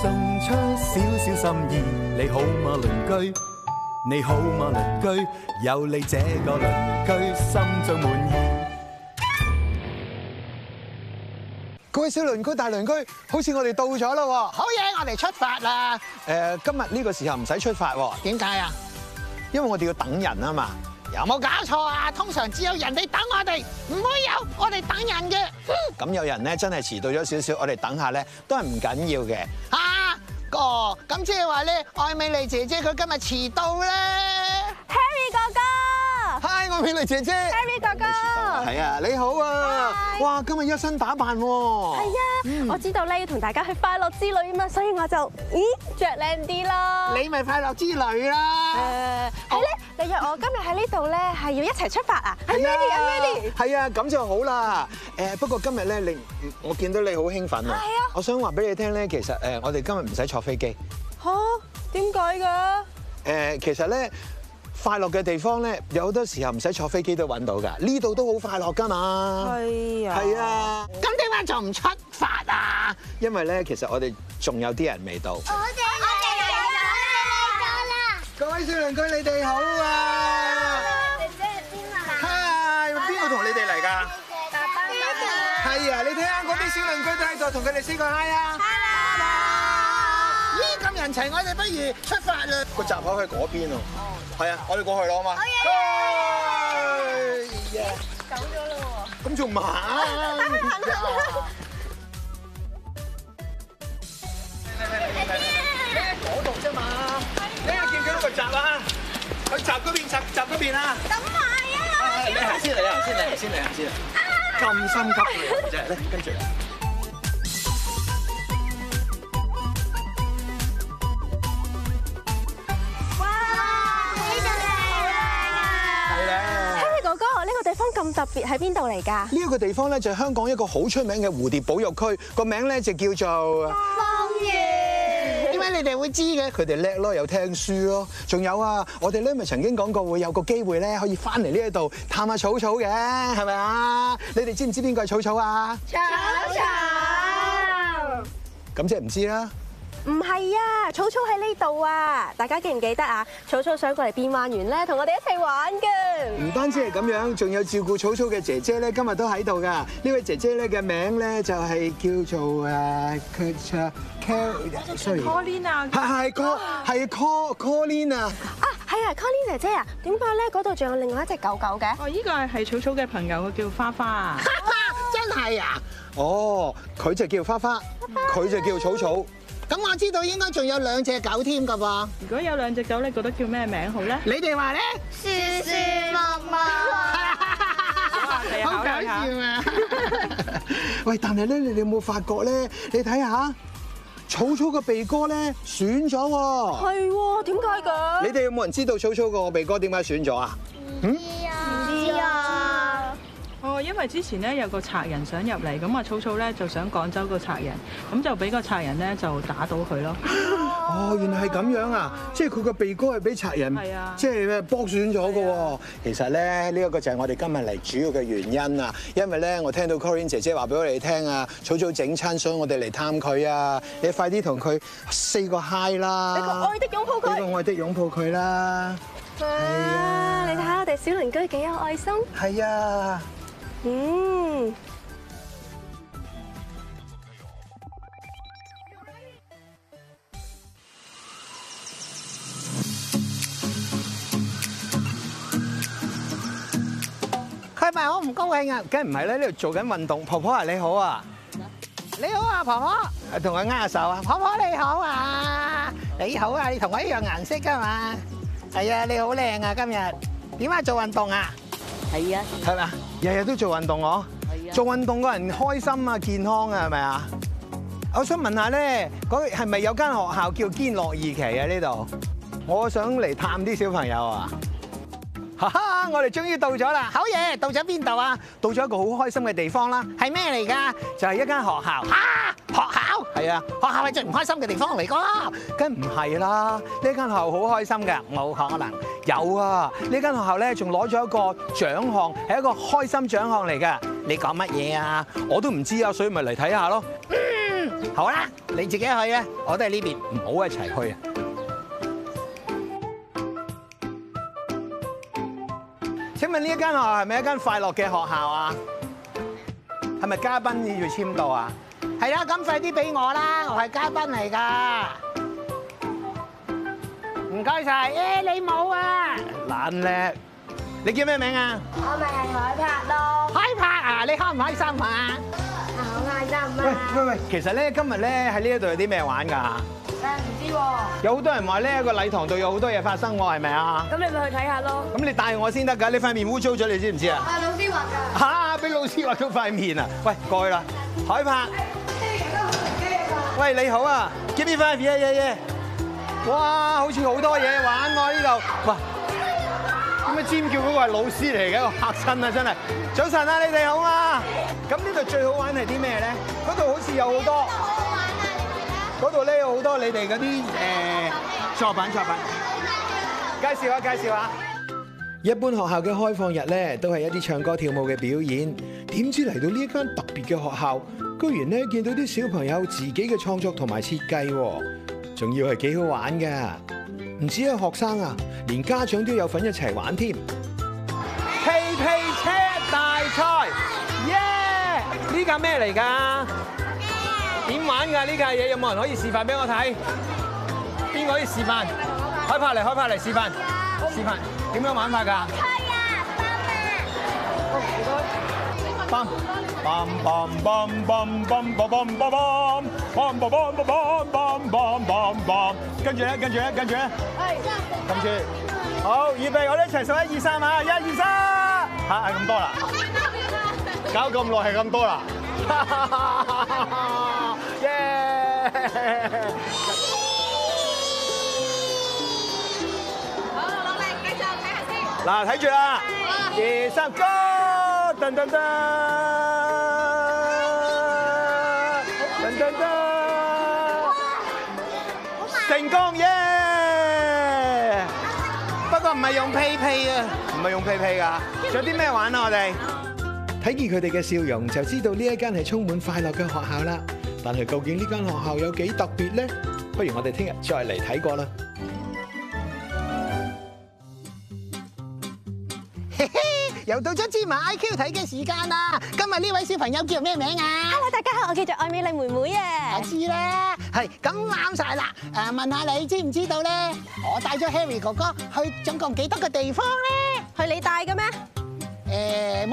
送出少少心意，你好嗎鄰居？你好嗎鄰居？有你這個鄰居，心中滿意。各位小鄰居、大鄰居，好似我哋到咗咯，好嘢，我哋出發啦。誒、呃，今日呢個時候唔使出發，點解啊？因為我哋要等人啊嘛。有冇搞錯啊？通常只有人哋等。我哋唔會有，我們、嗯有點點，我哋等人嘅。咁有人咧，真係遲到咗少少，我哋等下咧都係唔緊要嘅。啊，哥，咁即係話咧，愛美麗姐姐佢今日遲到咧。美女姐姐，Harry 哥哥，係啊，你好啊，你好哇，今日一身打扮係啊？哎，我知道咧要同大家去快樂之旅啊嘛，所以我就咦着靚啲咯。你咪快樂之旅啦。呃。誒，係咧，你約我今日喺呢度咧，係要一齊出發啊。係咪？哎呀？係咪？係啊，咁就好啦。誒，不過今日咧，你我見到你好興奮啊。係啊。我想話俾你聽咧，其實誒，我哋今日唔使坐飛機。啊。吓？點解嘅？誒，其實咧。快樂嘅地方咧，有好多時候唔使坐飛機都揾到噶，呢度都好快樂噶嘛。係啊，係啊。咁點解仲唔出發啊？因為咧，其實我哋仲有啲人未到。我哋我哋嚟咗啦！我哋嚟咗啦！各位小鄰居 Haw ovat,，你哋好啊！姐姐喺邊啊？嗨！邊個同你哋嚟噶？爸爸嚟嘅。係啊，你睇下嗰啲小鄰居都喺度，同佢哋 say 個 hi 啊！哈囉！咦，咁人情，我哋不如出發啦！個閘口喺嗰邊啊。係啊，我哋過去咯，好嗎？走咗咯喎，咁仲埋？嚟嚟嚟，喺嗰度啫嘛，你見佢個閘啦？去閘嗰邊，閘閘嗰邊啦！等埋啊！你行先嚟啊！先嚟，先嚟，先嚟啊！咁心急嘅人，嚟跟住。特別喺邊度嚟㗎？呢個地方咧就係香港一個好出名嘅蝴蝶保育區，個名咧就叫做鳳園。點解兒你哋會知嘅？佢哋叻咯，又聽書咯。仲有啊，我哋咧咪曾經講過會有個機會咧可以翻嚟呢一度探下草草嘅，係咪啊？你哋知唔知邊個係草草啊？草草咁即係唔知啦。唔係啊！草草喺呢度啊！大家記唔記得啊？草草想過嚟變幻園咧，同我哋一齊玩嘅。唔單止係咁樣，仲有照顧草草嘅姐姐咧，今日都喺度噶。呢位姐姐咧嘅名咧就係叫做誒，佢叫 Colin 啊，係係係係 Col Colin 啊。啊，係啊，Colin 姐姐啊，點解咧嗰度仲有另外一隻狗狗嘅？哦，依個係草草嘅朋友，叫花花。花花真係啊！哦，佢就叫花花，佢就叫草草。咁我知道應該仲有兩隻狗添㗎噃，如果有兩隻狗，你覺得叫咩名好咧？你哋話咧？説説默啊。好搞笑啊！喂，但係咧，你哋有冇發覺咧？你睇下，草草個鼻哥咧損咗喎。係喎，點解嘅？你哋有冇人知道草草個鼻哥點解損咗啊？唔知啊。嗯。因為之前咧有個賊人想入嚟，咁啊草草咧就想趕走個賊人，咁就俾個賊人咧就打到佢咯。哦，原來係咁樣啊！是的 即係佢個鼻哥係俾賊人，是的 即係搏損咗嘅喎。是的 其實咧呢一個就係我哋今日嚟主要嘅原因啊！因為咧我聽到 Corin 姐姐話俾我哋聽啊，草草整餐，所以我哋嚟探佢啊！你快啲同佢 say 個 hi 啦！你個愛的擁抱佢，你個愛的擁抱佢啦！啊！是的 你睇下我哋小鄰居幾有愛心，係啊！佢係咪好唔高興啊！梗唔係咧，呢度做緊運動。婆婆啊，你好啊！你好啊，婆婆。同我握手啊！婆婆你好啊！你好啊！你同我一樣顏色噶嘛？係啊！你好靚啊！今日點解做運動啊？係啊。係嘛？日日都做運動哦，做運動個人開心啊，健康啊，係咪啊？我想問下咧，嗰係咪有間學校叫堅樂二期啊？呢度，我想嚟探啲小朋友啊！哈哈，我哋終於到咗啦！好嘢，到咗邊度啊？到咗一個好開心嘅地方啦，係咩嚟㗎？就係一間學校。係啊，學校係最唔開心嘅地方嚟噶，梗唔係啦。呢間學校好開心㗎，冇可能有啊。呢間學校咧，仲攞咗一個獎項，係一個開心獎項嚟㗎。你講乜嘢啊？我都唔知啊，所以咪嚟睇下咯。嗯，好啦，你自己去啊，我都係呢邊，唔好一齊去啊。請問呢一間學校係咪一間快樂嘅學校啊？係咪嘉賓要簽到啊？係啦，咁快啲俾我啦，我係嘉賓嚟噶。唔該晒，誒你冇啊？懶叻，你叫咩名啊？我咪係海拍咯。海拍啊，你開唔開心啊？我開心啊？喂喂喂，其實咧今日咧喺呢一度有啲咩玩噶？誒唔知喎、啊。有好多人話呢一個禮堂度有好多嘢發生，我係咪啊？咁你咪去睇下咯。咁你帶我先得噶，你塊面污糟咗，你知唔知啊？係老師畫噶。吓，俾老師畫到塊面啊？喂，過去啦，海拍。喂，你好啊 Give me five 耶耶耶！哇，好似好多嘢玩喎呢度。喂，點解尖叫嗰個係老師嚟嘅？嚇親啊，真係！早晨啊，你哋好啊。咁呢度最好玩係啲咩咧？嗰度好似有好多。好好玩啊！你哋咧？嗰度咧有好多你哋嗰啲誒作品作品。作品介紹下，介紹下。一般學校嘅開放日咧，都係一啲唱歌跳舞嘅表演。點知嚟到呢一間特別嘅學校，居然咧見到啲小朋友自己嘅創作同埋設計，仲要係幾好玩噶！唔止係學生啊，連家長都有份一齊玩添。屁屁車大賽，耶！呢架咩嚟噶？點玩噶？呢架嘢有冇人可以示範俾我睇？邊個可以示範？開拍嚟，開拍嚟，示範，示範，點樣玩法噶？棒！棒！棒！棒！棒！棒！棒！棒！梆梆梆梆梆梆，跟住，梆跟住！跟住，跟住，跟住，係，跟住，好，預備，我哋一齊數一二三哈，一二三，吓，係咁多啦，搞咁耐係咁多啦，耶！好，努力，繼續看看，睇下先。嗱，睇住啦，二、三關。登登登，登登登，成功耶！不過唔係用屁屁啊，唔係用屁屁噶。仲有啲咩玩啊？我哋睇見佢哋嘅笑容，就知道呢一間係充滿快樂嘅學校啦。但係究竟呢間學校有幾特別咧？不如我哋聽日再嚟睇過啦。到咗芝麻 IQ 睇嘅時間啦！今日呢位小朋友叫咩名啊？Hello，大家好，我叫做愛美麗妹妹啊。我知啦，係咁啱晒啦。誒，問下你知唔知道咧？我帶咗 Harry 哥哥去總共幾多個地方咧？去你帶嘅咩？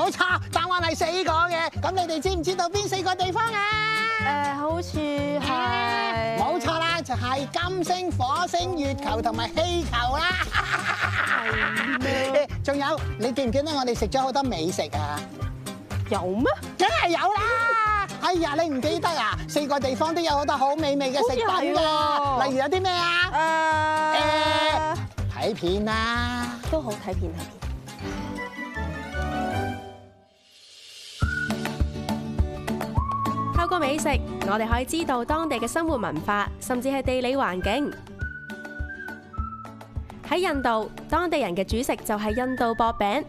冇錯，答案係四個嘅，咁你哋知唔知道邊四個地方啊？誒，好似係冇錯啦，就係、是、金星、火星、月球同埋氣球啦嗎。仲有，你記唔記得我哋食咗好多美食啊？有咩嗎？梗係有啦！哎呀，你唔記得啊？四個地方都有好多好美味嘅食品㗎，例如有啲咩啊？誒、呃、睇片啦，都好睇片睇片。透過美食，我哋可以知道當地嘅生活文化，甚至係地理環境。喺印度，當地人嘅主食就係印度薄餅，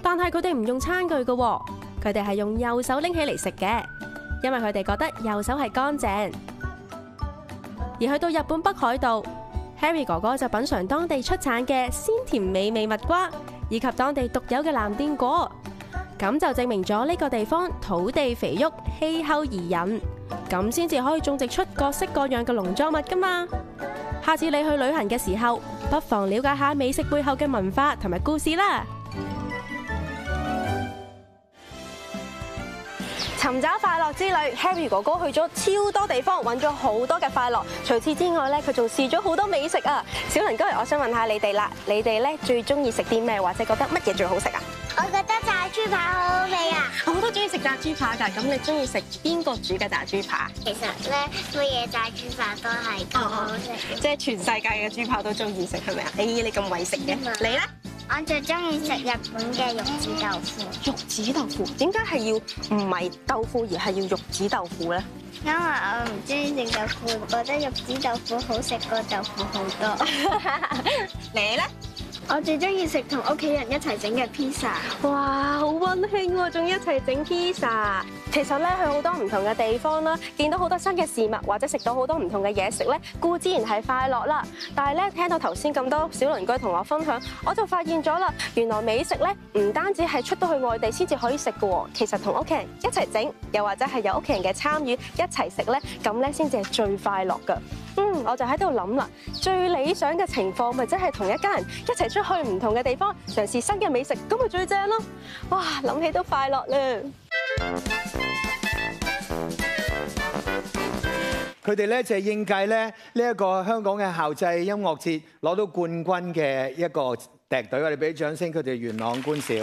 但係佢哋唔用餐具嘅，佢哋係用右手拎起嚟食嘅，因為佢哋覺得右手係乾淨。而去到日本北海道，Harry 哥哥就品嘗當地出產嘅鮮甜美味蜜瓜，以及當地獨有嘅藍靛果。咁就證明咗呢個地方土地肥沃、氣候宜人，咁先至可以種植出各式各樣嘅農作物噶嘛。下次你去旅行嘅時候，不妨了解下美食背後嘅文化同埋故事啦。尋找快樂之旅，Harry 哥哥去咗超多地方，揾咗好多嘅快樂。除此之外呢佢仲試咗好多美食啊。小林哥，我想問下你哋啦，你哋呢最中意食啲咩，或者覺得乜嘢最好食啊？我覺得炸豬扒好好味啊！我都中意食炸豬扒噶，咁你中意食邊個煮嘅炸豬扒？那豬扒其實咧，乜嘢炸豬扒都係咁好食嘅、哦。即係全世界嘅豬扒都中意食係咪啊？咦，你咁為食嘅，你咧嗎？來吧 我最中意食日本嘅玉，玉子豆腐。玉子豆腐，點解係要唔係豆腐而係要玉子豆腐咧？因為我唔中意食豆腐，我覺得玉子豆腐好食過豆腐好多。你咧？我最中意食同屋企人一齊整嘅披 i z 哇，好溫馨喎，仲一齊整披 i 其實咧，去好多唔同嘅地方啦，見到好多新嘅事物或者吃到很多不同的食到好多唔同嘅嘢食咧，固自然係快樂啦。但係咧聽到頭先咁多小鄰居同我分享，我就發現咗啦，原來美食咧唔單止係出到去外地先至可以食噶，其實同屋企人一齊整，又或者係有屋企人嘅參與一齊食咧，咁咧先至係最快樂噶。嗯，我就喺度諗啦，最理想嘅情況咪者係同一家人一齊。出去唔同嘅地方，嘗試新嘅美食，咁咪最正咯！哇，諗起都快樂啦！佢哋咧就係應屆咧呢一個香港嘅校際音樂節攞到冠軍嘅一個笛隊，我哋俾啲掌聲，佢哋元朗觀笑。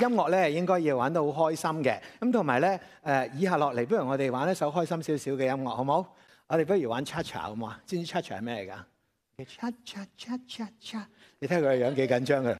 音樂咧應該要玩得好開心嘅，咁同埋咧誒，以下落嚟，不如我哋玩一首開心少少嘅音樂，好冇？我哋不如玩茶茶好啊！知唔知茶茶係咩嚟㗎？茶茶茶茶茶，你睇佢個樣幾緊張㗎！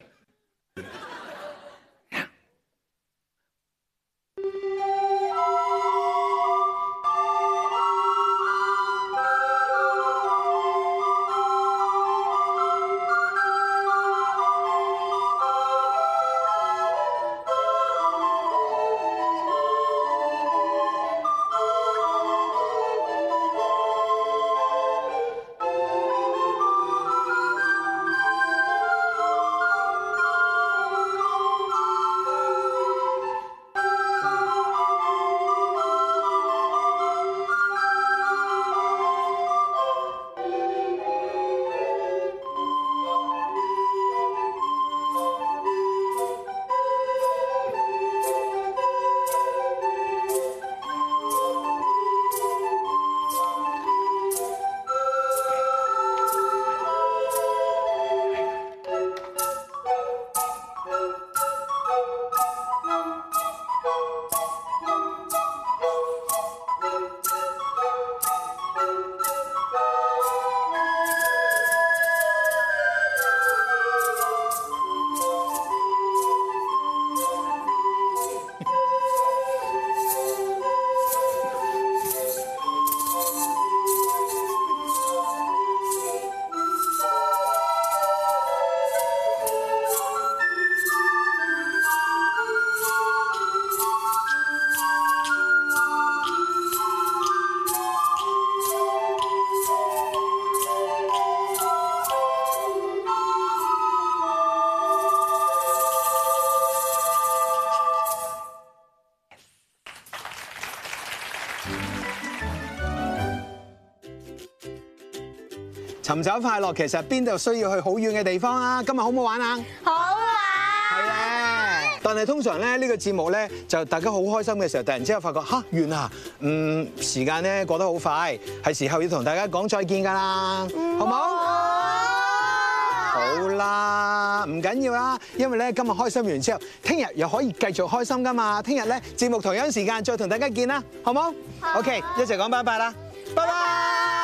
尋找快樂其實邊度需要去好遠嘅地方啊！今日好唔好玩啊？好玩。係啊，但係通常咧呢個節目咧就大家好開心嘅時候，突然之後發覺吓，完啊！嗯時間咧過得好快，係時候要同大家講再見㗎啦，好唔好？好。好啦，唔緊要啦，因為咧今日開心完之後，聽日又可以繼續開心㗎嘛。聽日咧節目同樣時間再同大家見啦，好唔好？好。OK，一齊講拜拜啦，拜拜。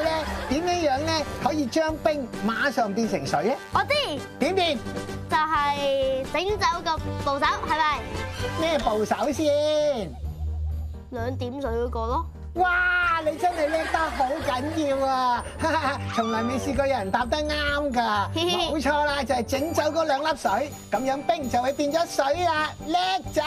點樣樣咧可以將冰馬上變成水啊？我知點變就係整走個部首，係咪？咩部首先？兩點水嗰個咯。哇！你真係叻得好緊要啊！從來未試過有人答得啱噶。冇錯啦，就係整走嗰兩粒水，咁樣冰就會變咗水啊！叻仔。